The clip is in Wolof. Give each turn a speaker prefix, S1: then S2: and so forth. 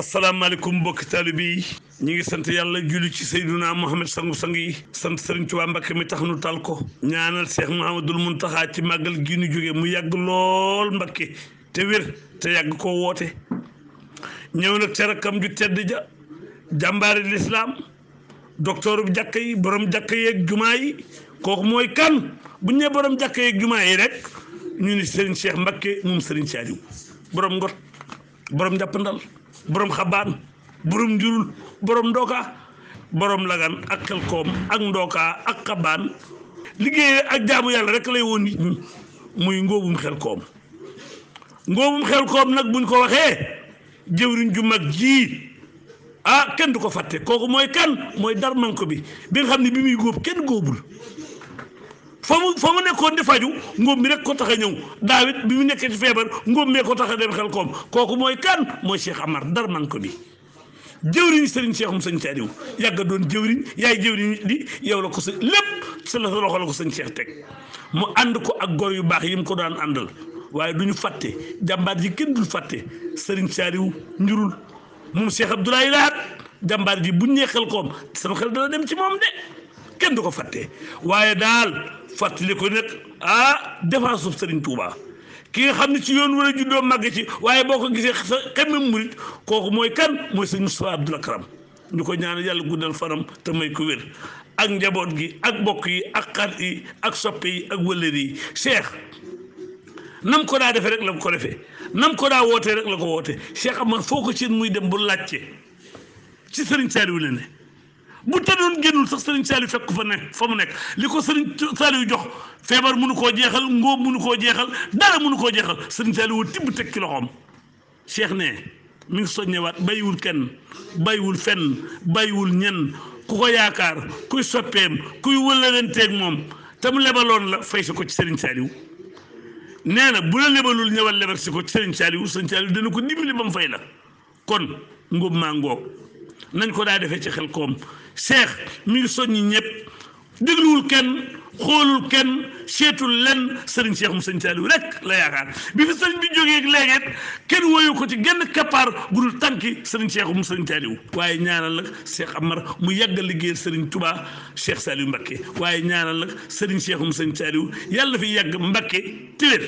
S1: asalaamaaleykum mbokki taalibe yi ñu ngi sant yàlla julli ci sayduna Muhammad sangu-sang yi sant Sëriñ Tuubaa Mbàkke mi tax nu tal ko ñaanal Seex Muhammadul Muntaxaa ci màggal gi nu jóge mu yàgg lool Mbàkke te wér te yàgg koo woote ñëw nag te rakkam ju tedd ja jàmbaari lislaam docteur jàkka yi borom jàkka yeeg jumaa yi kooku mooy kan bu ñu nee borom jàkka yeeg jumaa yi rek ñu ni Serigne Cheikh Mbacke moom Serigne Saliou borom ngot borom jàppandal boroom xabaan boroom njurul borom ndoka boroom lagan ak xel koom ak ndoka ak xabaan liggéey ak jaamu yàlla rek lay woon nit muy ngóobum xel koom ngóobum xel koom nag buñ ko waxee jëwriñ ju mag ji ah kenn du ko fàtte kooku mooy kan mooy darmanko bi bi nga xam ni bi muy góob kenn góobul fa mu mu nekkoon di faju ngóob mi rek ko tax a ñëw daawit bi mu nekkee ci feebar ngóob mee ko tax a dem xel koom kooku mooy kan mooy Cheikh Amar dara man ko bi jëwriñ sëriñ Cheikh mu sëñ Saaliw yàgga doon jëwriñ yaay jëwriñ li yow la ko sa lépp sa la la ko sëñ Cheikh teg mu ànd ko ak gor yu baax yi mu ko daan àndal waaye du ñu fàtte jàmbaar ji kenn dul fàtte sëriñ Saaliw njurul moom Cheikh Abdoulaye Lahat jàmbaar ji bu ñu nee xel koom sama xel dana dem ci moom de kenn du ko fàtte fàttali ko nag ah défense suuf Serigne Touba ki nga xam ne ci yoon wala juddoo màgg ci waaye boo ko gisee sa xemmem murit kooku mooy kan mooy sëñ Moustapha Abdoul karam ñu ko ñaan yàlla guddal fanam te may ko wér ak njaboot gi ak bokk yi ak xarit yi ak soppe yi ak wëllër yi Cheikh nam ko daa defee rek la ko defee nam ko daa wootee rek la ko wootee Cheikh Amar foo ko seen muy dem bu laajte ci Serigne Saliou la ne. bu ca doon génnul sax Serigne Saliou fekk fa ne fa mu nekk li ko Serigne Saliou jox feebar mënu koo jeexal ngóob mënu koo jeexal dara mënu koo jeexal Serigne Saliou woo tibb teg ki loxoom Cheikh ne mu ngi soññewaat bàyyiwul kenn bàyyiwul fenn bàyyiwul ñenn ku ko yaakaar kuy soppeem kuy wëllalanteeg moom te mu lebaloon la fay si ko ci Serigne Saliou nee na bu la lebalul ñëwal lebal si ko ci Serigne Saliou Serigne Saliou dana ko dimbali ba mu fay la kon ngóob maa nañ ko daa defee ci xel koom seex mi ngi soññi ñëpp dégluwul kenn xoolul kenn seetul lenn sëriñ seex mu sëñ Saaliw rek la yaakaar bi fi sëriñ bi jógee leget kenn woyu ko ci genn kappaar gudul tànki sëriñ seex mu sëñ Saaliw waaye ñaanal la Cheikh Amar mu yàgg a liggéeyal sëriñ Tuubaa Cheikh Saaliw waaye ñaanal la sëriñ seex mu sëñ Saaliw yàlla fi yàgg Mbakke téwér